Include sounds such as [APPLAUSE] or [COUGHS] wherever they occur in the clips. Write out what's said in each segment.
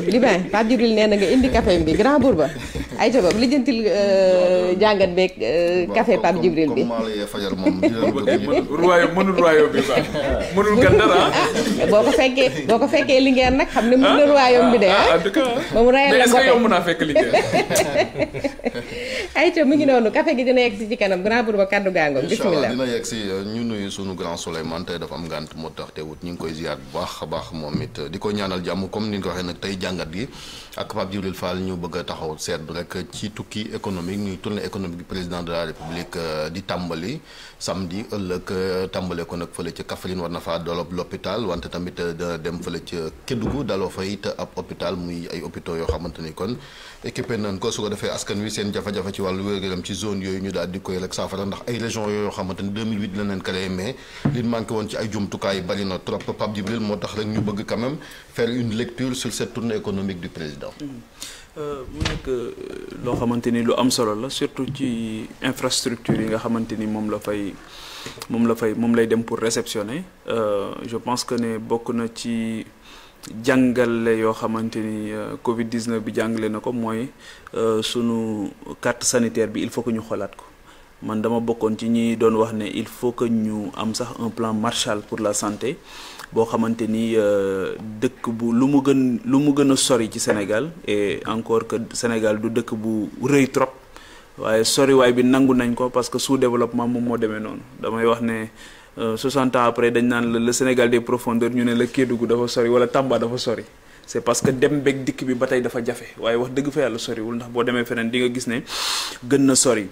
copie Libin Pape Djibril nee nga indi café bi grand bourba ay ca boobu lijjantil euh, jàngat beeg euh, café Pape Djibril bi. [LAUGHS] royaume mënul royaume bi baax mënul gan [LAUGHS] ko fekkee boo ko fekkee Linguère nag na ah, royaume bi de ah. ah. en tout cas mais est-ce que [LAUGHS] grand bourba kaddu euh, ñu nuyu sunu grand Souleymane tey dafa am gànt moo tax te wut ñu ngi koy ziar bu baax a baax moom it di ko ñaanal jàmm comme ni nga waxee nag tey jàngat gi ak Pape Djibril Fall ñu bëgg a seet bu rek ci tukki économique ñuy tournée économique du président de la république euh, di tàmbali samedi ëllëg euh, tàmbale ko nag fële ca Kaffrine war na faa dolob l'hôpital wante tamit euh, dana dem fële ca Kédougou daloo fa it ab hôpital muy ay hôpitaux yoo xamante ni kon équipé nañ ko su ko defee askan wi seen jafe-jafe ci wàllu wér-gu-yaram ci zone yooyu ñu daal di koy rek saafara ndax ay région yooyu yoo xamante ni 2008 la leen mais li manqué woon ci ay jumtukaay bari na trop Pape Djibril moo tax rek ñu bëgg quand même faire une lecture sur cette tournée économique du président mm-hmm. euh, mu nekk euh, loo xamante ni lu am solo la surtout ci infrastructure yi nga xamante ni moom la fay moom la fay moom lay dem pour réceptionner euh, je pense que ne bokk na ci jàngale yoo xamante ni euh, Covid 19 bi jàngale na ko mooy euh, sunu carte sanitaire bi il faut que ñu xolaat ko man dama bokkoon ci ñi doon wax ne il faut que ñu am sax un plan Marshall pour la santé boo xamante ni euh, dëkk bu lu mu gën lu mu gën a sori ci Sénégal e encore que Sénégal du dëkk bu rëy trop waaye sori waay bi nangu nañ ko parce que sous développement moom moo demee noonu damay wax ne. 60 euh, ans après dañ naan la le Sénégal des profondeurs ñu ne la Kédougou dafa sori wala Tamba dafa sori c'est parce que dem beg dikk bi ba tey dafa jafe waaye wax dëgg fa yàlla soriwul ndax boo demee feneen di nga gis ne gën na sori.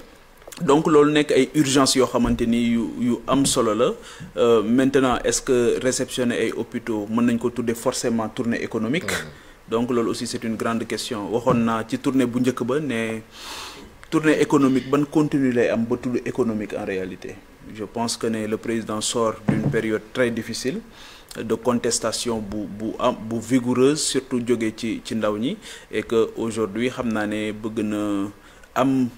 donc loolu nekk ay urgence yoo xamante ni yu am solo la euh, maintenant est-ce que réceptionner ay hôpitaux mën nañ ko tuddee forcément tournée économique. Mmh. donc loolu aussi c'est une grande question waxoon naa ci tournée bu njëkk ba ne tournée économique ban continue lay am ba tudd économique en je pense que ne le président sort d'une période très difficile de contestation bu bu am bu vigoureuse surtout joge ci ci ndaw ñi et que aujourd'hui xam naa ne bëgg na am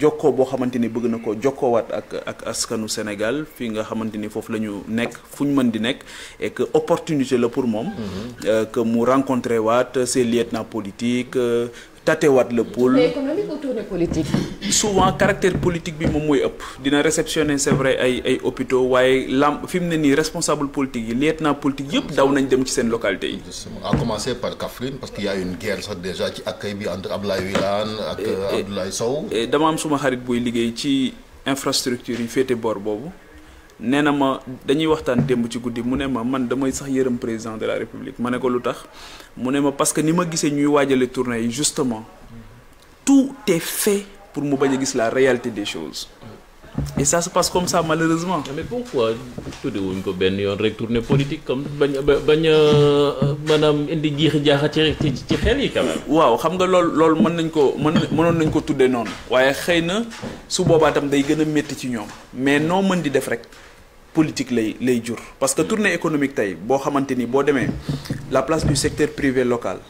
jokko boo xamante ni bëgg na ko jokkoowaat ak ak askanu Sénégal fii nga xamante ni foofu la ñu nekk fu ñu mën di nekk et que opportunité la pour moom mm-hmm. euh, que mu rencontrer waat ses lieutenants politiques euh, tatewaat le pôle. mais économique ou tournée politique. souvent caractère politique bi moom mooy ëpp dina réceptionner c'est vrai ay ay hôpitaux waaye lam fi mu ne nii responsable politique yi lieutenant politique yëpp daw nañ dem ci seen localité yi. justement à commencer par Kaffrine parce qu'il a une guerre sax déjà ci accueil bi entre Abdoulaye Wilane ak Abdoulaye Sow. dama am suma xarit buy liggéey ci infrastructure yi féete boor boobu. nee na ma dañuy waxtaan démb ci guddi mu ne ma man damay sax yërëm président de la république ma ne ko lu tax mu ne ma parce que ni ma gisee ñuy waajale tournée yi justement tout te fait pour mu bañ a gis la réalité des choses et ça se passe comme ça malheureusement. mais pourquoi tudde wuñ ko benn yoon rek tournée politique comme bañ bañ a maanaam indi jiixi jaaxa ci ci xel yi quand waaw xam nga lool loolu mën nañ ko mën mënoon nañ ko tuddee noonu. waaye xëy na su boobaa tam day gën a métti ci ñoom mais noo mën di def rek. politique lay lay jur parce que tournée économique tey boo xamante ni boo demee la place du secteur privé local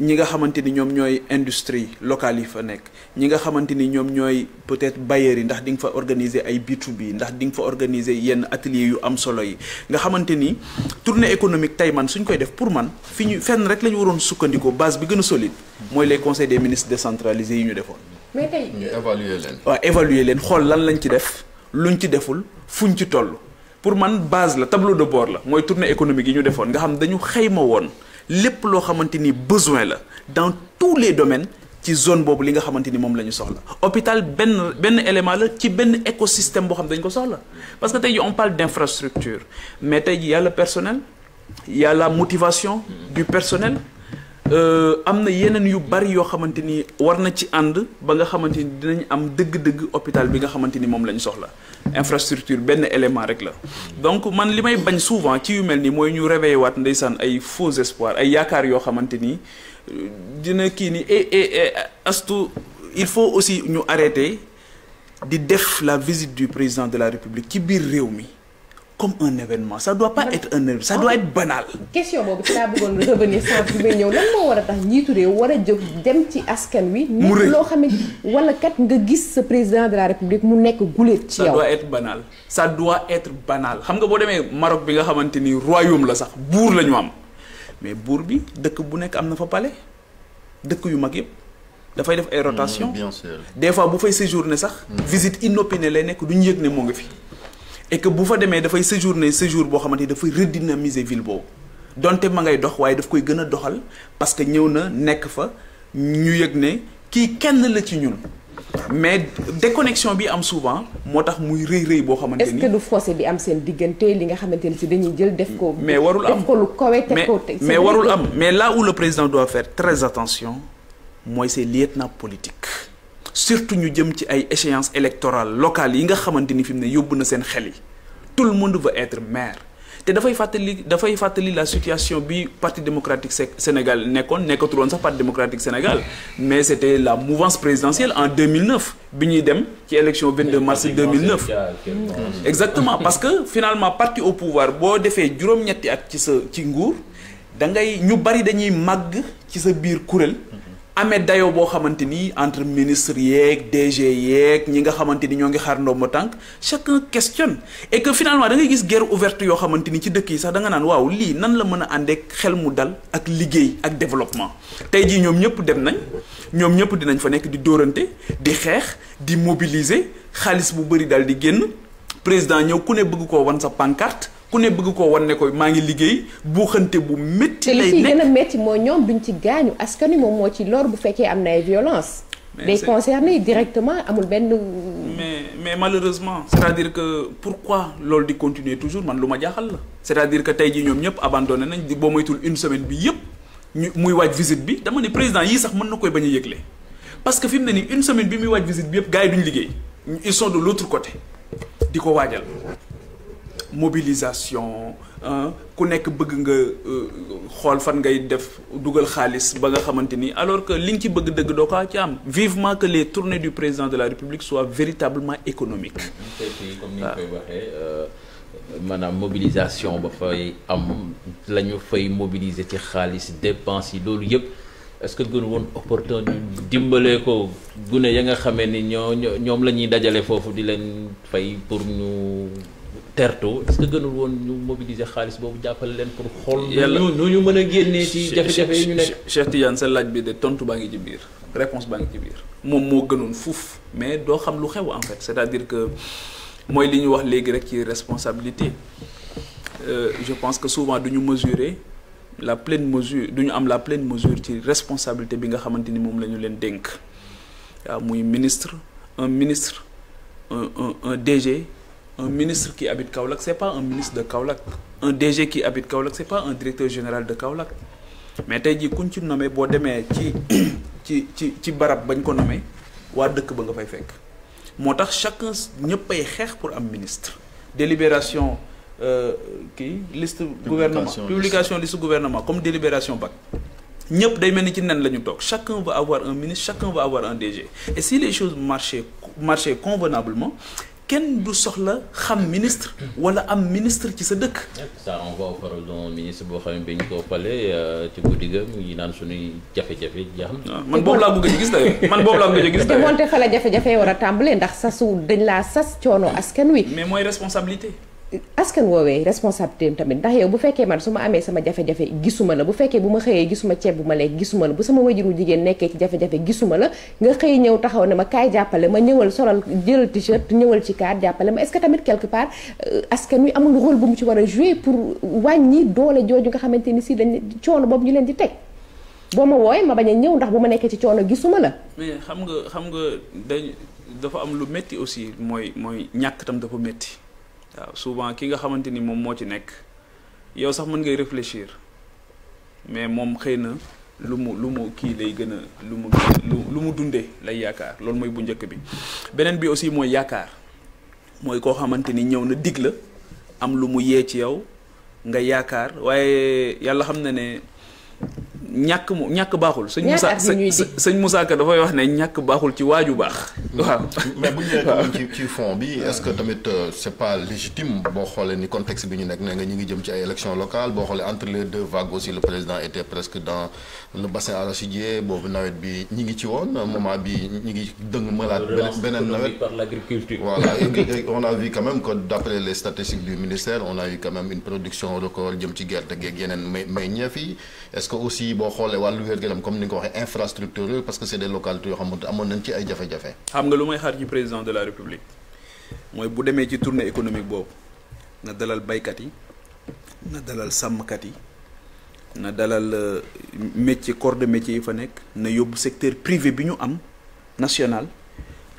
ñi nga xamante ni ñoom ñooy industrie locale yi fa nekk ñi nga xamante ni ñoom ñooy peut-être bailleurs yi ndax di nga fa organiser ay B2B ndax di nga fa organiser yenn atelier yu am solo yi nga xamante ni tournée économique tey man suñ koy def pour man fi ñu fenn rek la ñu waroon sukkandikoo base bi gën a solide mooy les conseil des ministres décentralisés yi ñu defoon. mais tey leen. xool lan lañ ci def. lu luñ ci deful fu ñu ci toll pour man base la tableau de bord la mooy tournée économique yi ñu defoon nga xam dañu xayma woon lépp loo xamante ni besoin la dans tous les domaines ci zone boobu li nga xamante ni moom la ñu soxla hôpital benn benn élément la ci benn écosystème boo xam dañ ko soxla parce que tey jii on parle d'infrastructure mais tey jii y a le personnel y la motivation du personnel Euh, am na yeneen yu bari yoo xamante ni war na ci ànd ba nga xamante ni dinañ am dëgg-dëgg hôpital bi nga xamante ni moom lañ soxla infrastructure benn élément rek la donc man li may bañ souvent ci yu mel nii mooy ñu réveillé waat nday ndeysaan ay faux espoir ay yaakaar yoo xamante ni euh, dina kii ni et eh, eh, eh, astu il faut aussi ñu arrêter di def la visite du président de la république ci biir réew mi comme un événement ça doit pas être un événement ça doit être banal. question boobu ci laa bëggoon revenir sans fi may ñëw lan moo war a tax njiitu réew war a jóg dem ci askan wi. mu rëy loo xam ne wala kat nga gis sa président de la république mu nekk guléet ci yow. ça doit être banal ça xam nga boo demee Maroc bi nga xamante ni royaume la sax buur lañu am mais buur bi dëkk bu nekk am na fa pale dëkk yu mag yëpp. dafay def ay rotation mm, bien des fois bu fay séjourné sax. Mm. visite inopinée lay nekk du ñu yëg ne moo ngi fi. et bu fa demee dafay séjourner séjour boo xamante ni dafay redynamiser ville boobu donte ma ngay dox waaye daf koy gën a doxal parce que ñëw na nekk fa ñu yëg ne kii kenn la ci ñun mais déconnexion bi am souvent moo tax muy rëy rëy boo xamante ni est-ce que du fossé bi am seen diggante li nga xamante ni si dañuy jël def ko. mais warul am ko lu kawe teg ko teg mais warul am mais là où le président doit faire très attention mooy ses lieutenants politiques. surtout ñu jëm ci ay échéances électorale locale yi nga xamante ni fi ne yóbbu na seen xel yi tout le monde veut être maire te dafay fàttali dafay fàttali la situation bi parti démocratique Sénégal nekkoon nekkatul woon sax parti démocratique Sénégal mais c' était la mouvance présidentielle en 2009 bi ñuy dem ci élection 22 mars 2009. exactement parce que finalement parti au pouvoir boo defee juróom-ñetti at ci sa ci nguur da ngay ñu bari dañuy màgg ci sa biir kuréel. amee dayo boo xamante ni entre ministre yeeg DG yeeg ñi nga xamante ni ñoo ngi xaar ndombo tànk chaque questionne et que finalement da gis guerre ouverte yoo xamante ni ci dëkk yi sax da naan waaw lii nan la mën a àndeek xel mu dal ak liggéey ak développement tey jii ñoom ñëpp dem nañ ñoom ñëpp dinañ fa nekk di dóorante di xeex di mobiliser xaalis bu bëri daal di génn président ñëw ku ne bëgg ko wan sa pancarte ku ne bëgg koo wan ne ko maa ngi liggéey buuxante bu métti. lay nekk mooy ñoom duñ ci gaañu askan wi moom moo ci lor bu fekkee am na ay violence mais day concerné directement amul benn. mais mais malheureusement. c'est-à-dire que pourquoi loolu di continuer toujours man lu ma jaaxal la. c'est-à-dire que tey ji ñoom ñëpp abandonné nañ di boo moytul une semaine bi yëpp ñu muy waaj visite bi dama ne président yii sax mën na koy bañ a yëgle parce que fi mu ne nii une semaine bi muy waaj visite bi yëpp gars yi duñ liggéey ils di ko waajal. mobilisation ku nekk bëgg nga euh, xool fan ngay def dugal xaalis ba nga xamante ni alors que li nga ci bëgg dëgg doo ko ci am vivement que les tournées du président de la République soient véritablement économique comme ni nga koy euh, maanaam mobilisation ba fay am la ñu fay mobiliser ci xaalis dépense yi loolu yëpp. est-ce que gën woon opportun dimbalee ko gune ya nga xamee ni ñoo ñoom la ñuy dajale foofu di leen fay pour ñu tertu est-ce que gënul woon ñu mobiliser xaalis boobu jàppale leen pour xool. yàlla nu ñu mën a génnee ci jafe-jafe yi ñu nekk. Cheikh Tidiane sa laaj bi de tontu baa ngi ci biir réponse baa ngi ci biir moom moo gënoon fuuf mais doo xam lu xew en fait c'est-à-dire que mooy li ñu wax léegi rek ci responsabilité euh, je pense que souvent du ñu mesurer la pleine mesure du ñu am la pleine mesure ci responsabilité bi nga xamante ni moom lañu leen dénk waaw muy ministre un ministre un un un DG. un ministre qui habite Kaolack c'est pas un ministre de Kaolack un DG qui habite Kaolack c'est pas un directeur général de Kaolack mais tey jii kuñ ci nommé boo demee ci [COUGHS] ci ci ci barab bañ ko nommé waa dëkk ba nga fay fekk moo tax chacun ñëpp ay xeex pour am ministre délibération euh, kii liste gouvernement publication liste gouvernement comme délibération BAC ñëpp day mel ni ci nen la ñu toog chacun va avoir un ministre chacun va avoir un DG et si les choses marché marchaient convenablement kenn du soxla xam ministre wala am ministre ci sa dëkk. ça renvoie au parole d'un ministre boo xam ne bi koo ko falee euh, ci guddi ga mu naan suñuy jafe-jafe jeex na. Ah, man boobu laa bëgg a gis tey man boobu laa bëgg a gis tey. te moonte fa la jafe-jafe war a tàmbalee ndax sasu dañ laa sas coono askan wi. mais mooy responsabilité. askan woowee responsabilité tamit ndax yow bu fekkee man su ma amee sama jafe-jafe gisuma la bu fekkee bu ma xëyee gisuma ceeb bu ma lekk gisuma la bu sama wajuru nekkee ci jafe-jafe nga xëy ñëw taxaw ne ma kaay jàppale ma ñëwal solal jëlal t-shirt ñëwal ci kaar jàppale ma est-ce que tamit quelque part euh, askan wi amul rôle bu mu ci war a jouer pour wàññi doole jooju nga xamante ni si dañ coono boobu ñu leen di teg boo ma wooye ma bañ a ñëw ndax bu ma nekkee ci coono gisuma la xam nga xam nga dafa am lu métti aussi mooy mooy ñàkk tam dafa métti waaw souvent ki nga xamante ni moom moo ci nekk yow sax mën ngay réfléchir mais moom xëy na lu mu lu mu kii lay gën a lu mu lu mu dundee lay yaakaar loolu mooy bu njëkk bi beneen bi aussi mooy yaakaar mooy koo xamante ni ñëw na dig la am lu mu yee ci yow nga yaakaar waaye yàlla xam na ne ñàkk mu ñàkk baaxul. sëñ Moussa sëñ Moussa Ka dafay wax ne ñàkk baaxul ci waaju baax. Mm. waaw mais bu ñu nee [LAUGHS] bi est-ce que tamit euh, c'est pas légitime xoolee ni contexte bi ñu nekk ne nga ñu ngi jëm ci ay élections locales boo xoolee entre les deux vagues aussi le président était presque dans le bassin arachidier boobu nawet bi ñi ngi ci woon moment bi ñu ngi dëng malaat. beneen beneen nawet par l'agriculture. [LAUGHS] on a vu quand même que d'après les statistiques du ministère on a eu quand même une production record jëm ci gerte gee yeneen meññeef yi est que aussi boo xoolee wàllu wér-gu-yaram comme ni nga ko waxee infrastructure yooyu parce que c' est des yoo xamante amoon nañ ci ay jafe-jafe. xam nga lu may xaar ci président de la république mooy bu demee ci tournée économique boobu na dalal baykat yi na dalal sàmmkat yi na dalal euh, métier corps de métier yi fa nekk na yóbbu secteur privé bi ñu am national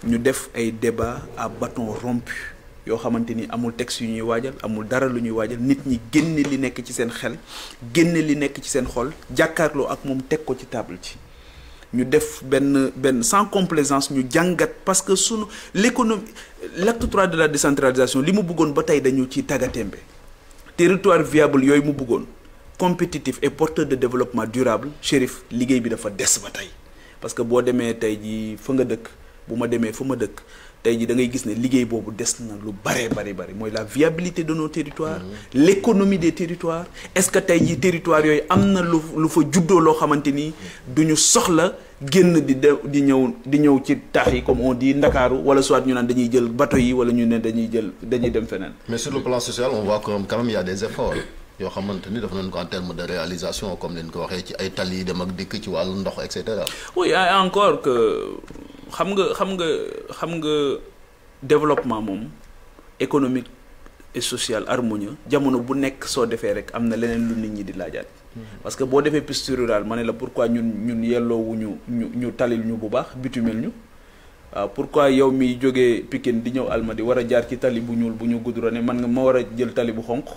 ñu def ay débat à bâton rompu. yoo xamante ni amul texte yu ñuy waajal amul dara lu ñuy waajal nit ñi génne li nekk ci seen xel génne li nekk ci seen xol jàkkaarloo ak moom teg ko ci table ci ñu def benn benn sans complaisance ñu jàngat parce que sunu l'économie l'acte trois de la décentralisation li mu bëggoon ba tey dañu ci tagatémbe territoire viable yooyu mu bëggoon compétitif et porteur de développement durable Chérif liggéey bi dafa des ba tey parce que boo demee tey ji fa nga dëkk bu ma demee fa ma dëkk tey ji da ngay gis ne liggéey boobu des na lu bare bari bari mooy la viabilité de nos territoires l' économie des territoires est ce que tey jii territoire yooyu am na lu lu fa juddoo loo xamante ni du ñu soxla génn di de di ñëw di ñëw ci taax yi comme on dit Ndakaaru wala soit ñu naan dañuy jël bato yi wala ñu ne dañuy jël dañuy dem feneen. mais sur le plan social on voit que quand même des efforts. yoo xamante ni daf nañ ko en terme de réalisation comme leen ko waxee ci ay tali yi dem ak dikk ci wàllu ndox et cetera. xam nga xam nga xam nga développement moom économique et social harmonieux jamono bu nekk soo defee rek am na leneen lu nit ñi di laajaat. Hmm. parce que boo defee piste rural ma ne la pourquoi ñun ñun yelloowu ñu ñu ñu talil ñu bu baax bitumel ñu. waaw ah, pourquoi yow mi jógee Pikine di ñëw Almadies war a jaar ci tali bu ñuul bu ñu goudronné man nga ma war a jël tali bu xonq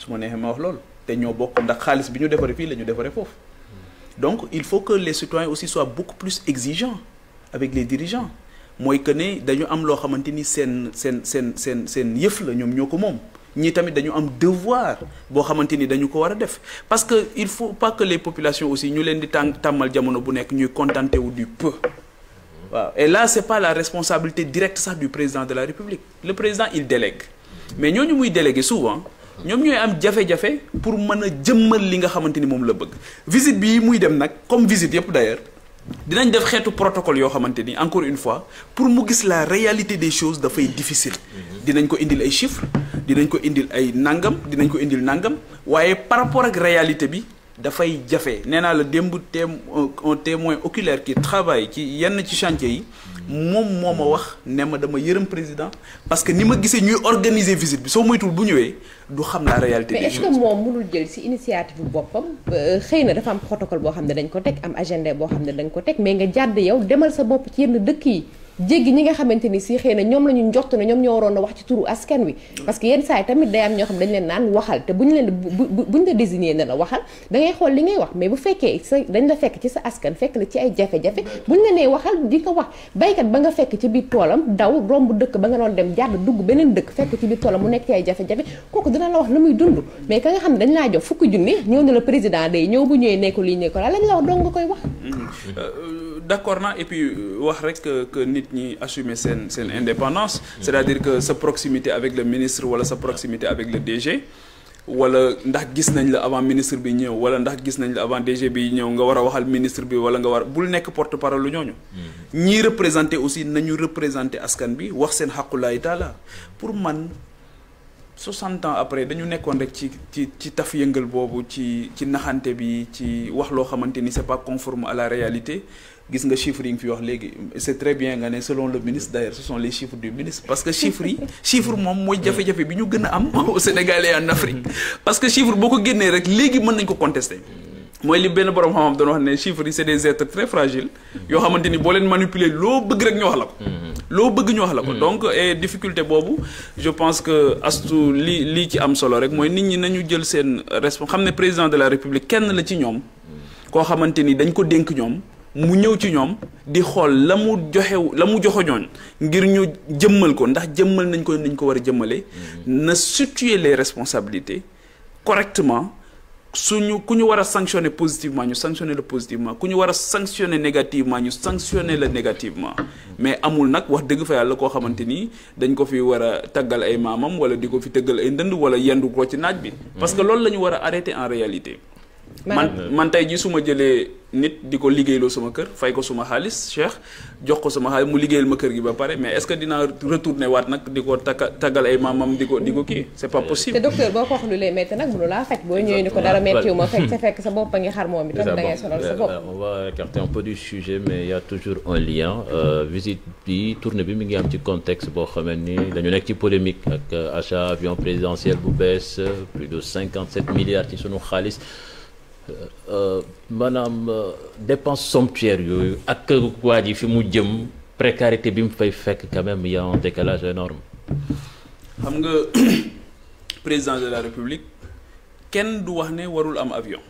su ma neexee ma wax loolu te ñoo bokk ndax xaalis bi ñu defaree fii la ñu defaree foofu hmm. donc il faut que les citoyens aussi soient beaucoup plus exigeants. avec les dirigeants mooy que ne dañu am loo xamante ni seen seen seen seen seen yëf la ñoom ñoo ko moom ñii tamit dañu am devoir boo xamante ni dañu ko war a def parce que il faut pas que les populations aussi ñu leen di tàng tàmmal jamono bu nekk ñuy contenté wu du peu waaw et là c'est pas la responsabilité directe sax du président de la République le président il délègue mais ñu muy délégué souvent ñoom ñooy am jafe-jafe pour mën a jëmmal li nga xamante ni moom la bëgg visite bii muy dem nag comme visite yëpp d'ailleurs dinañ def xeetu protocole yoo xamante ni encore une fois pour mu gis la réalité des choses dafay difficile. dinañ ko indil ay chiffres dinañ ko indil ay nangam dinañ ko indil nangam waaye par rapport ak réalité bi dafay jafe nee naa la démb téem un témoin oculaire qui travaille ci yenn ci chantier yi. moom moo ma wax ne ma dama yërëm président parce que ni ma gisee ñuy organiser visite bi soo moytuwul bu ñëwee du xam la réalité des choses mais moom mënul jël ci initiative bu boppam euh, xëy na dafa am protocole boo xam ne dañ ko teg am agenda boo xam ne dañ ko teg mais nga jàdd yow demal sa bopp ci yenn dëkk yi jéggi ñi nga xamante ni si xëy na ñoom la ñu njort ne ñoom ñoo waroon a wax ci turu askan wi parce que yenn saa yi tamit day am ñoo xam dañ leen naan leen buñ la désigné ne la waxal da li ngay wax mais bu fekkee sa dañ la fekk ci sa askan fekk la ci ay jafe-jafe buñ la waxal di ko wax baykat ba nga fekk ci biir toolam daw romb dëkk ba nga doon dem jàdd dugg beneen dëkk fekk ci mu nekk ci ay jafe-jafe kooku dina muy dund mais ka nga xam ne dañ laa jox fukki junni ñëw ne la président day ñëw bu ñëwee nekku lii nekk la lañ la wax dong nga koy wax Euh, d'accord na et puis euh, wax rek que nit ñi assumer seen seen indépendance c'est-à-dire que sa proximité avec le ministre wala sa proximité avec le DG wala ndax gis nañ la avant ministre bi ñëw wala ndax gis nañ la avant DG bi ñëw nga war a waxal ministre bi wala nga war bul nekk porte-parole lu ñooñu mm-hmm. ñiy représenter aussi nañu représenter askan bi wax seen xaqulaay taala pour man soixante ans après dañu nekkoon rek ci ci ci taf yëngal boobu ci ci naxante bi ci wax loo xamante ni c'est pas conforme à la réalité gis nga chiffres yi nga fi wax léegi c'est très bien nga ne selon le ministre d'ailleurs ce sont les chiffres du ministre parce que chiffres yi [LAUGHS] chiffre moom mooy jafe-jafe bi ñu gën a am [LAUGHS] au Sénégal et [LAUGHS] parce que chiffre boo ko génnee rek léegi mën nañ ko contester mooy li benn borom xam-xam doon wax ne chiffres c'est des êtres très fragiles yoo xamante ni boo leen manipuler loo bëgg rek ñu wax la ko mm-hmm. loo bëgg ñu wax la ko mm-hmm. donc et difficulté boobu je pense que astu lii lii ci am solo rek mooy nit ñi nañu jël seen responsabilité xam ne président de la république kenn la ci ñoom mm-hmm. koo xamante ni dañ ko dénk ñoom mu ñëw ci ñoom di xool la mu la mu joxoñoon ngir ñu jëmmal ko ndax jëmmal nañ ko nañ ko war a jëmmale na situer les responsabilités correctement suñu ku ñu war a sanctionner positivement ñu sanctionner la positivement ku ñu war a sanctionner négativement ñu sanctionner la négativement mais amul nag wax dëgg fa yàlla koo xamante ni dañ ko fi war a taggal ay maamam wala di ko fi tëggal ay ndënd wala yendu ko ci naaj bi parce que loolu la ñu war a en réalité man man tey ji su ma jëlee nit di ko liggéeyloo sama kër fay ko suma xaalis Cheikh jox ko sama xaalis mu liggéeyal ma kër gi ba pare mais est-ce que dinaa retourner waat nag di ko taka taggal ay maamam di ko di ko kii c'est pas possible. te docteur boo ko wax lu lay métti nag mënu laa faj boo ñëwee ni ko dara méttiwu ma fekk sa fekk sa bopp a ngi xar moom itam da ngay sonal sa bopp. Euh, on euh, bi mi ngi am ci contexte boo xamee ni dañu nekk ci polémique ak achat avion présidentiel bu bees plus de 57 milliards ci sunu xaalis. Euh, maanaam euh, dépense somptuaire yooyu ak waa ji fi mu jëm précarité bi mu fay fekk quand même y a décalage énorme xam nga [COUGHS] président de la république kenn du wax ne warul am avion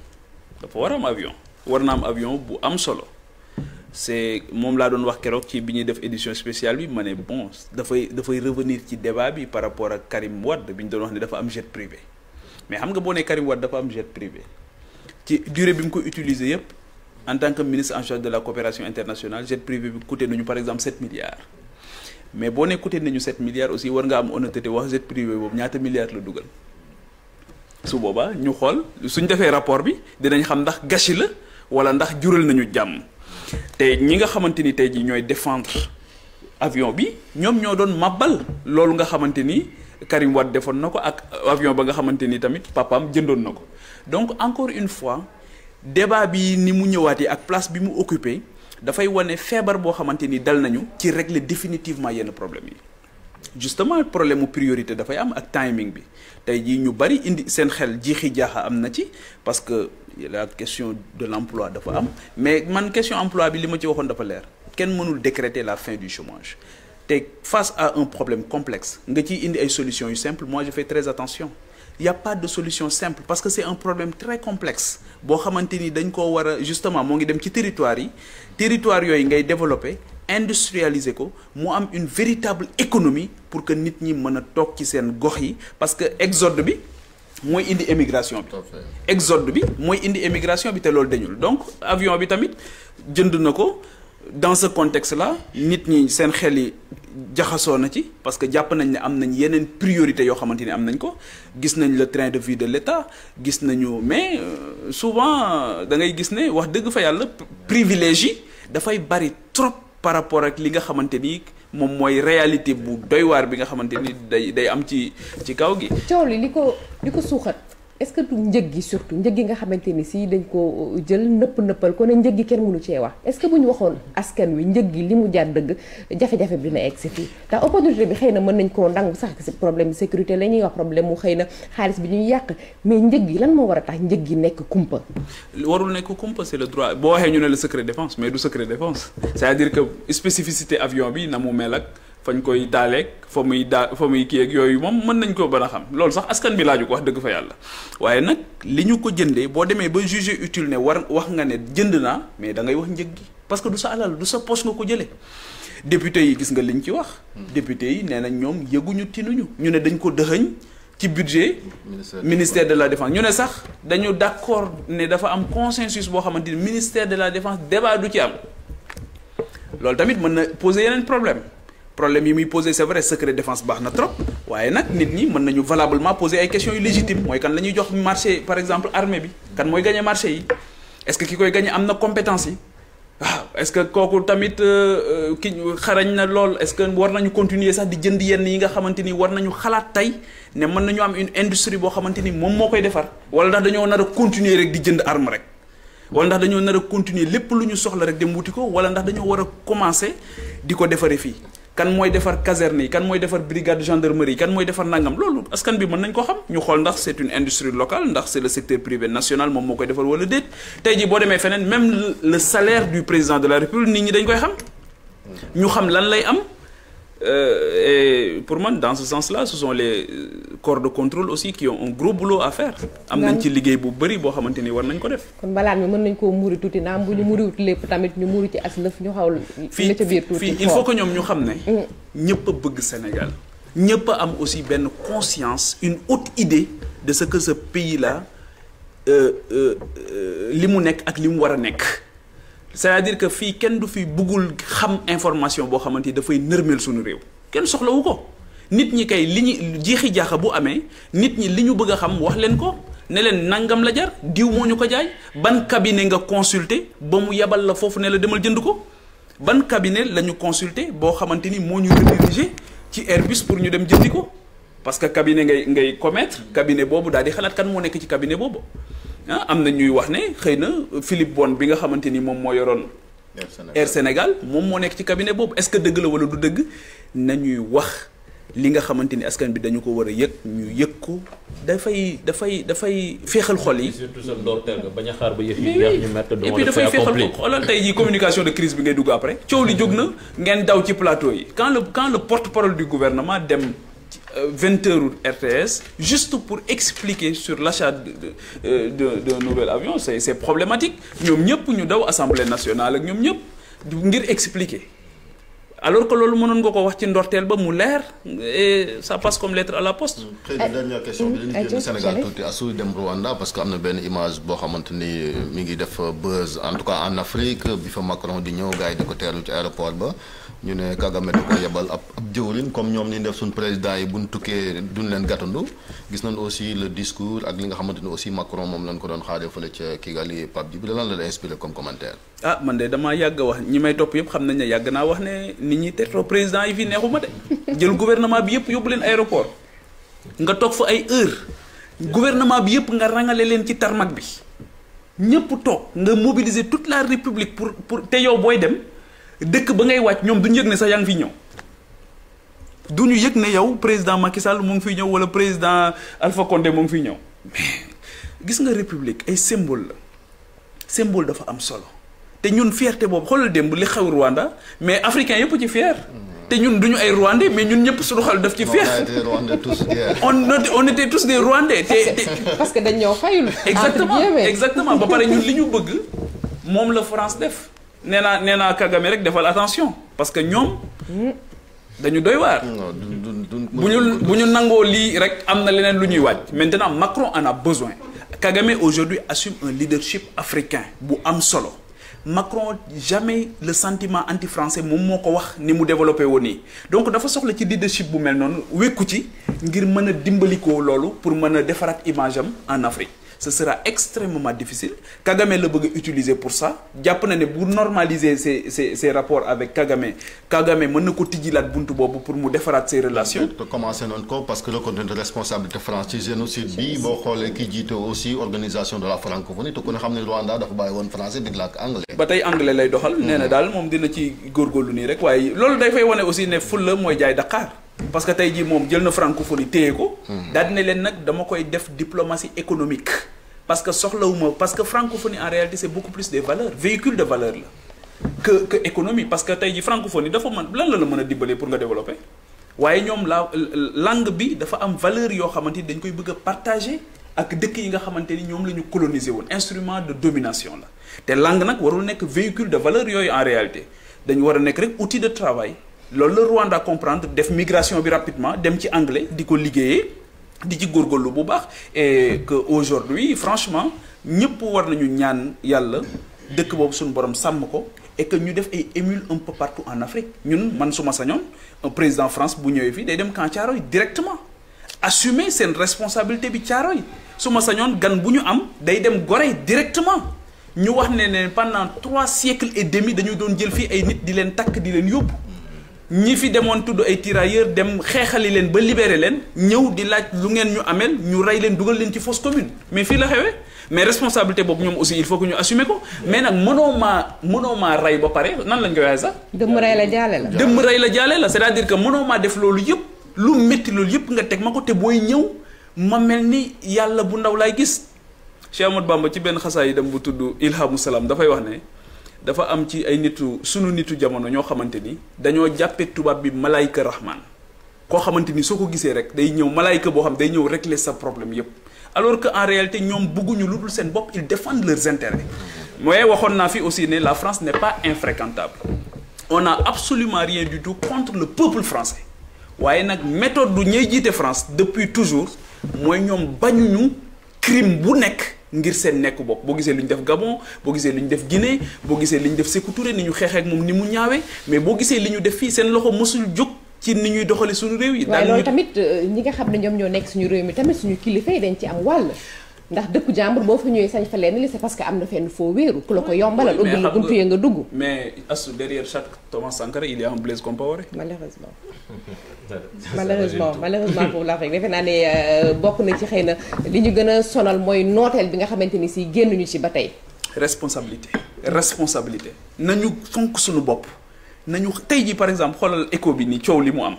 dafa war am avion war na am avion bu am solo c'est moom laa doon wax keroog ci bi ñuy def édition spéciale bi ma ne bon dafay dafay revenir ci débat bi par rapport ak Karim Wade bi ñu doon wax ne dafa am jet privé mais xam nga boo ne Karim Wade dafa am jet privé ci durée bi mu ko utiliser yëpp en tant que ministre en charge de la coopération internationale jet privé bi coûté nañu par exemple 7 milliards mais boo ne coûté nañu set milliards aussi war nga am honnêteté wax jet privé boobu ñaata milliards la dugal su boobaa ñu xool suñ defee rapport bi dinañ xam ndax gâchis la wala ndax jural nañu jàmm te ñi nga xamante ni tey jii ñooy défendre avion bi ñoom ñoo doon màbbal loolu nga xamante ni Karim Wade defoon na ko ak avion ba nga xamante ni tamit papaam jëndoon na ko donc encore une fois débat bi ni mu ñëwaatee ak place bi mu occupé dafay wane feebar boo xamante ni dal nañu ci régler définitivement yenn problème yi justement problème mu priorité dafay am ak timing bi tey jii ñu bari indi seen xel jiixi jaaxa am na ci parce que la question de l'emploi dafa am mais man question emploi bi li ma ci waxoon dafa leer kenn mënul décréter la fin du chômage te face à un problème complexe nga ci indi ay solutions yu simple moi je fais très attention il pas de solution simple parce que c'est un problème très complexe boo xamante ni dañ koo war a justement moo ngi dem ci territoire yi territoire yooyu ngay développer industrialiser ko mu am une véritable économie pour que nit ñi mën a toog ci seen gox yi parce que exode bi mooy indi émigration bi exode bi mooy indi émigration bi te loolu dañul donc avion bi tamit jënd na ko dans ce contexte nit ñi seen xel yi jaxasoo na ci parce que jàpp nañ ne am nañ yeneen priorité yoo xamante ni am nañ ko gis nañ le train de vie de l'État gis nañu mais euh, souvent da ngay gis ne wax dëgg fa yàlla privilège yi dafay bari trop par rapport ak li nga xamante ni moom mooy réalité bu doy waar bi nga xamante ni day day am ci ci kaw gi. coow li li ko li ko suuxat. est-ce que du njëg gi surtout njëg yi nga xamante ni si dañ ko jël nëpp nëppal ko ne njëg gi kenn mënu cee wax est-ce que bu ñu waxoon askan wi njëg gi li mu jaar dëgg jafe-jafe bi dina egg si fii ndax opportunité bi xëy na mën nañ koo ndang sax si problème sécurité la ñuy wax problème mu xëy na xaalis bi ñuy yàq mais njëg gi lan moo war a tax njëg gi nekk kumpa warul nekk kumpa c'est le droit boo waxee ñu ne le secret défense mais du secret défense c'est-à-dire que spécificité avion bi na mu mel fañ koy daaleeg fa muy daa fa muy kii ak yooyu moom mën nañ ko ban a xam loolu sax askan bi laaju ko wax dëgg fa yàlla waaye nag li ñu ko jëndee boo demee ba jugé utile ne war wax nga ne jënd naa mais da ngay wax njëg gi parce que du sa alal du sa poche nga ko jëlee député yi gis nga liñ ci wax hmm. député yi nee nañ ñoom yëguñu tinuñu ñu ne dañ ko dëxëñ ci budget ministère de la défense ñu ne sax dañu d'accord ne dafa am consensus boo xamante ni ministère de la défense débat du ci am loolu tamit mën na poser yeneen problème problème yi muy posé c'est vrai secret défense baax na trop waaye nag nit ñi mën nañu valablement poser ay questions yu légitimes mooy kan la jox marché par exemple armée bi kan mooy gagné marché yi est-ce que ki koy gagné am na compétence yi waaw est-ce que kooku tamit euh, euh, ki xarañ na lool est-ce que war nañu continuer sax di jënd yenn yi nga xamante ni war nañu xalaat tey ne mën nañu am une industrie boo xamante ni moom moo koy defar wala ndax dañoo nar a continuer rek di jënd arme rek wala ndax dañoo nar continuer lépp lu ñu soxla rek dem wuti ko wala ndax dañoo war a di ko defaree fii kan mooy defar caserne yi kan mooy defar brigade gendarmerie kan mooy defar nangam loolu askan bi mën nañ ko xam ñu xool ndax c'est une industrie locale ndax c'est le secteur privé national moom moo koy defar wala déet tey jii boo demee feneen même le salaire du président de la république nit ñi dañ koy xam ñu xam lan lay am Euh, et pour man dans ce sens-là ce sont les euh, corps de contrôle aussi qui ont un gros boulot à am nañ ci liggéey bu bëri boo xamante ni war nañ ko def. kon balaa bi mën nañ koo muuri tuuti naam bu ñu muuriwut lépp tamit ñu muuri ci as lëf ñu xaw la ca biir tuuti fii il faut que ñoom ñu xam ne. Mm. ñëpp a bëgg Sénégal. ñëpp a am aussi benn conscience une haute idée de ce que ce pays-là euh, li mu nekk ak li mu war a nekk. c'est-à-dire que fii kenn du fi buggul xam information boo xamante ni dafay nërmeel suñu réew kenn soxlawu ko nit ñi kay li ñu jeexi jaaxa bu amee nit ñi li ñu bëgg a xam wax leen ko ne leen nangam la jar diw moo ñu ko jaay ban cabinet nga consulter ba mu yebal la foofu ne la demal jënd ko ban cabinet la ñu consulter boo xamante ni moo ñu rediriger ci Airbus pour ñu dem jëndi ko parce que cabinet ngay ngay commettre cabinet boobu daal di xalaat kan moo nekk ci cabinet boobu. ah am na ñuy wax ne xëy na Philippe Bon bi nga xamante ni moom moo yoroon. Air Sénégal moom moo nekk ci cabinet boobu est-ce que dëgg la walla du dëgg nañuy wax li nga xamante ni askan bi dañu ko war a yëg ñu yëg ko dafay dafay dafay féexal xol yi. surtout a xaar ba yëf yi jeex ñu mettre dafay féexal xoolal tey jii communication de crise bi ngay dugg après. coow li jóg na ngeen daw ci plateau yi. quand le quand porte-parole du gouvernement dem. Euh, vingt heures RTS juste pour expliquer sur l'achat de de euh, avion c'est problématique ñoom ñëpp ñu daw assemblée nationale ak ñoom ñëpp ngir expliquer alors que loolu mënoon nga ko wax ci ndorteel ba mu leer et ça passe comme lettre à la poste. Mm. xëy na eh, dernière question mm, dem Rwanda parce que am na benn image boo xamante ni euh, mi ngi def buzz en tout cas en Afrique bi fa Macron di ñëw gars yi di ko teelu ci aéroport ba. ñu ne Kagame da ko yebal ab ab comme ñoom ni def suñ président yi buñ tukkee duñ leen gàttandu gis nañ aussi le discours ak li nga xamante ne aussi Macron moom lañ ko doon xaaree fële ca Kigali Pape Djibril lan la la inspiré comme commentaire. ah man de damaa yàgg wax ñi may topp yëpp xam na ne yàgg naa wax ne nit ñi te teetoo président yi fii neexuma de jël gouvernement bi yëpp yóbbu leen aéroport nga toog fa ay heure gouvernement bi yëpp nga rangale leen ci tarmac bi ñëpp toog nga mobiliser toute la république pour pour te booy dem. dëkk ba ngay wàcc ñoom ñu yëg ne sax yaa ngi fiy ñëw duñu yëg ne yow président Macky Sall mu ngi fiy ñëw wala président Alpha Condé mu ngi fiy ñëw mais gis nga république ay symbole la symbole dafa am solo te ñun fierté boobu xoolal démb li xew Rwanda mais africain yëpp ci fier te ñun duñu ay Rwandais mais ñun ñëpp suñu xel daf ci fier on on était tous des Rwandais te parce que dañ ñoo fayul exactement exactement ba pare ñun li ñu bëgg moom la France def nee naa nee naa Kagame rek defal attention parce que ñoom dañu doy waar. bu ñu bu ñu nangoo lii rek am na leneen lu ñuy waaj maintenant Macron en a besoin Kagame aujourd'hui assume un leadership africain bu am solo Macron jamais le sentiment anti francais moom moo ko wax ni mu développé woon nii donc dafa soxla ci leadership bu mel noonu wékku ci ngir mën a dimbalikoo loolu pour mën a defaraat image am en Afrique ce sera extrêmement difficile Kagame la bëgg a utiliser pour ça jàpp na ne bu normaliser ses ses ses rapports avec Kagame Kagame mën na ko tijjilaat buntu boobu pour mu defaraat ses relations. te commencé nañ ko parce que reconnu de responsabilité France ci génocide bi boo xoolee ki jiite aussi organisation de la francophonie te ku ne xam ne Rwanda dafa bàyyi woon français dégg làkk anglais. ba tey anglais lay doxal. Mm-hmm. nee daal moom dina ci góorgóorlu nii rek waaye loolu day parce que tey jii moom jël na francophonie téye ko. Hmm. daal dina leen nag dama koy def diplomatie économique. parce que soxlawuma parce que francophonie en réalité c'est beaucoup plus des valeurs véhicule de valeur la. que que économie parce que tey jii francophonie dafa man lan la la mën a dimbalee pour nga développer. waaye ñoom la langue bi dafa am valeur yoo xamante ni dañ koy bëgg a partager ak dëkk yi nga xamante ni ñoom la ñu coloniser woon instrument de domination la. te langue nag warul nekk véhicule de valeur yooyu en réalité dañu war a nekk de travail. loolu la Rwanda comprendre def migration bi rapidement dem ci anglais di ko liggéeyee di ci góorgóorlu bu baax et que aujourd'hui franchement ñëpp war nañu ñaan yàlla dëkk boobu suñu borom sàmm ko et que ñu def ay émule un peu partout en Afrique ñun man suma sañoon président France bu ñëwee fii day dem camp Thiaroye directement assumer seen responsabilité bi Thiaroye suma sañoon gan bu ñu am day dem Gorée directement ñu wax ne ne pendant trois siècles et demi dañu doon jël fii ay nit di leen takk di leen yóbbu ñi fi demoon tudd ay tirailleurs dem xeexali leen ba libéré leen ñëw di laaj lu ngeen ñu ameel ñu rey leen dugal leen ci fosse commune mais fii la xewee mais responsabilité boobu ñoom aussi il faut que ñu assumer ko mais nag mënoo maa mënoo maa rey ba pare nan lañ koy waxee sax. dëmm rey la jaale la. dëmm rey la jaale la c'est-à-dire que mënoo maa def loolu yëpp lu métti loolu yëpp nga teg ma ko te booy ñëw ma mel ni yàlla bu ndaw laay gis Cheikh Ahmadou ba ci benn xasaa yi dem bu tudd Ilhamu Salaam dafay wax ne. dafa am ci ay nitu sunu nitu jamono ñoo xamante ni dañoo jàppee tubaab bi malaayka rahman koo xamante ni soo ko gisee rek day ñëw malaayka boo xam day ñëw régler sa problème yépp alors que en réalité ñoom bëgguñu lu dul seen bopp ils défendent leurs intérêts mais waxoon naa fi aussi ne la France ne pas infréquentable on a absolument rien du tout contre le peuple français waaye nag méthode du ñëw jiite France depuis toujours mooy ñoom bañuñu crime bu nekk ngir seen nekk bopp boo gisee lu ñu def Gabon boo gisee lu ñu def Guinée boo gisee li ñu def Sékou Touré ni ñu xeexee moom ni mu ñaawee mais boo gisee li ñu def fii seen loxo mësul jóg ci ni ñuy doxale suñu réew yi. daal loolu tamit euh, ñi nga xam ne ñoom ñoo nekk suñu réew mi tamit suñu kilifa yi dañ ci am wàll. ndax dëkku jàmbur boo fa ñëwee sañ fa lenn li c'est parce que am na fenn foo wéeru ku la ko yombalal ubbil la buntu ya nga dugg mais asu derrière chaque Thomas Sankara il y a un Blaise Compaoré malheureusement [LAUGHS] malheureusement malheureusement pour l'Afrique defe naa ne euh, bokk na ci xëy na li ñu gën a sonal mooy nooteel bi nga xamante ni si génnuñu ci ba tey responsabilité na ñu fonk suñu bopp na ñu tey ji par exemple xoolal éco bi ni coow li mu am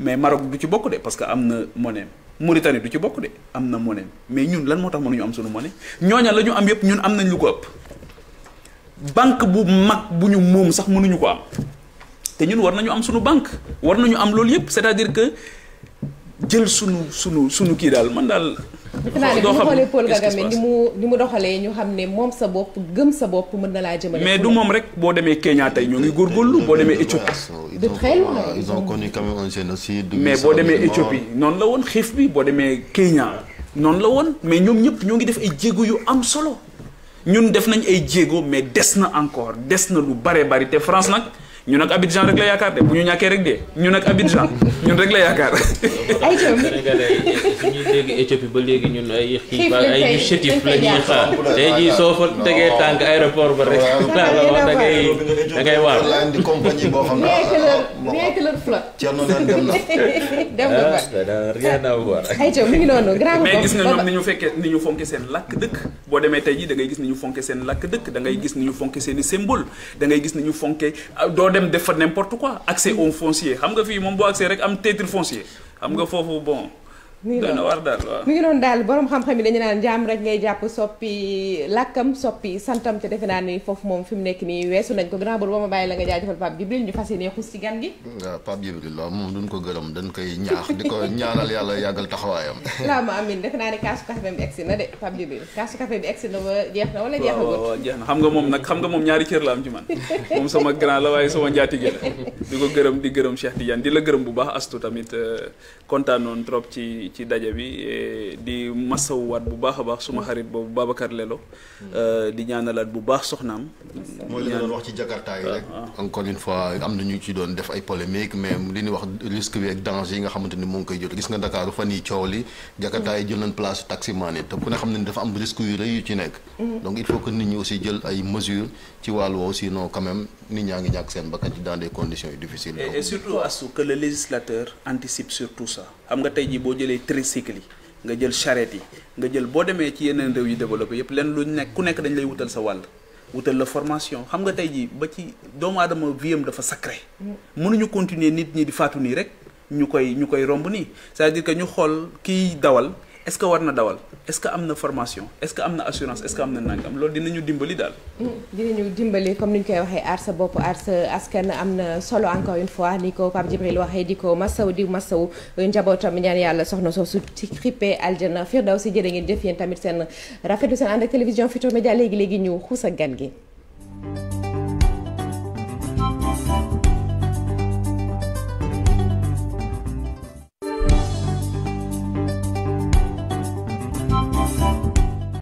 mais Maroc du ci bokk de parce que am na monnaie Mauritanie du ci bokk de am na monnaie mais ñun lan moo tax mënuñu am sunu monnaie ñooña la ñu am yëpp ñun am nañ lu ko ëpp banque bu mag bu ñu moom sax mënuñu ko am te ñun war nañu am sunu banque war nañu am loolu yëpp c'est-à-dire que jël sunu sunu sunu kii daal man daal. defe naa ne bu ñu xoolee Paul Kagame mu ni mu doxalee xam ne moom sa bopp gëm sa bopp mën na laa jëmale. mais du moom rek boo demee Kenya tey ñoo ngi góorgóorlu boo demee Éthiopie. de très loin ils ont connu quand même mais boo demee Éthiopie noonu la woon xiif bi boo demee Kenya noonu la woon mais ñoom ñëpp ñoo ngi def ay jéego yu am solo ñun def nañ ay jéego mais des na encore des na lu bare bari te France nag. ñu nag Abidjan rek yaakaar de bu ñu ñàkkee rek ñu nag Abidjan ñun rek la yaakaar. ay jëm Sénégalais yi ba léegi ñun ay xiif ay chétif la ñuy xaar tey jii soo fa tegee tànk aéroport ba rek daal la wax da ngay da ngay waar. di boo xam ne rien que leur flotte. Thierno Nane na. dem na ba ah dana rien à gis nga ñoom ni ñu fekkee ni ñu fonke seen làkk dëkk boo demee tey jii da ngay gis ni ñu fonke seen làkk dëkk da ngay gis ni ñu fonke seen i symbole da ngay gis ni ñu fonke doo dem def fa n'importe quoi accès au foncier xam nga fii moom boo accès rek am titre foncier xam nga foofu bon mi ngi doon daal borom xam-xam yi dañu naan jaam rek ngay jàpp soppi làkkam soppi santam te defe naa ni foofu moom fi mu nekk nii weesu nañ ko grand boobu ba ma bàyyi la nga jaajëfal Pape Djibril ñu fas yéene xus ci ko gërëm dañ koy di ko ñaanal yàlla yàggal taxawaayam [LAUGHS] laa ma amin defe naa ne kaasu café bi egsi na de Pape Djibril kaasu café bi na ba jeex na wala jeex na xam nga moom nag xam nga moom ñaari cër la am ci man [LAUGHS] moom sama grand la waaye sama njaatige la di ko gërëm di gërëm Cheikh Tidiane di la gërëm bu baax astu tamit euh, kontaanoon trop ci ci daje bi e, di masawuwaat bu baax a baax suma xarit boobu Babacar Lelo euh, di ñaanalaat bu baax soxnaam. mooy li nga doon wax ci Jakarta yi rek. Ah, ah. encore une fois am na ñu ci doon def ay polémique mais li ñuy wax risque bi ak danger yi nga xamante ni moo ngi koy jot gis nga Dakar fa yii coow li. Jakarta yi jël nañ place taximaan yi te ku ne xam ne dafa am risque yu rek yu ci nekk. donc il faut que nit ñi aussi jël ay mesures ci wàllu woowu sinon quand nit ñaa ngi ñàkk seen bakkan ci dans des conditions yu difficiles. et, et surtout Astou que le législateur anticipe sur tout ça tey jii boo jëlee tricycle yi nga jël charrette yi nga jël boo demee ci yeneen réew yu développé yëpp lenn lu nekk ku nekk dañ lay wutal sa wàll. wutal la formation xam nga tey jii ba ci doomu aadama viam dafa sacré mënuñu continuer nit ñi di faatu nii rek ñu koy ñu koy romb nii sa à dire que ñu xool kiy dawal. est-ce que war na dawal est-ce que am na formation est-ce que am na assurance est-ce que am na nangam loolu dinañu dimbali daal. Hmm, dinañu dimbali comme ni ñu koy waxee aar sa bopp aar sa askan am na solo encore une fois ni ko Pape Djibril waxee di ko masaw di masaw njabootam ñaan yàlla soxna soosu ci xippee aljana Firdawsi jërë ngeen jëf yéen tamit seen rafetlu seen ànd ak télévision Futurs Médias léegi léegi ñu xuus ak gan gi.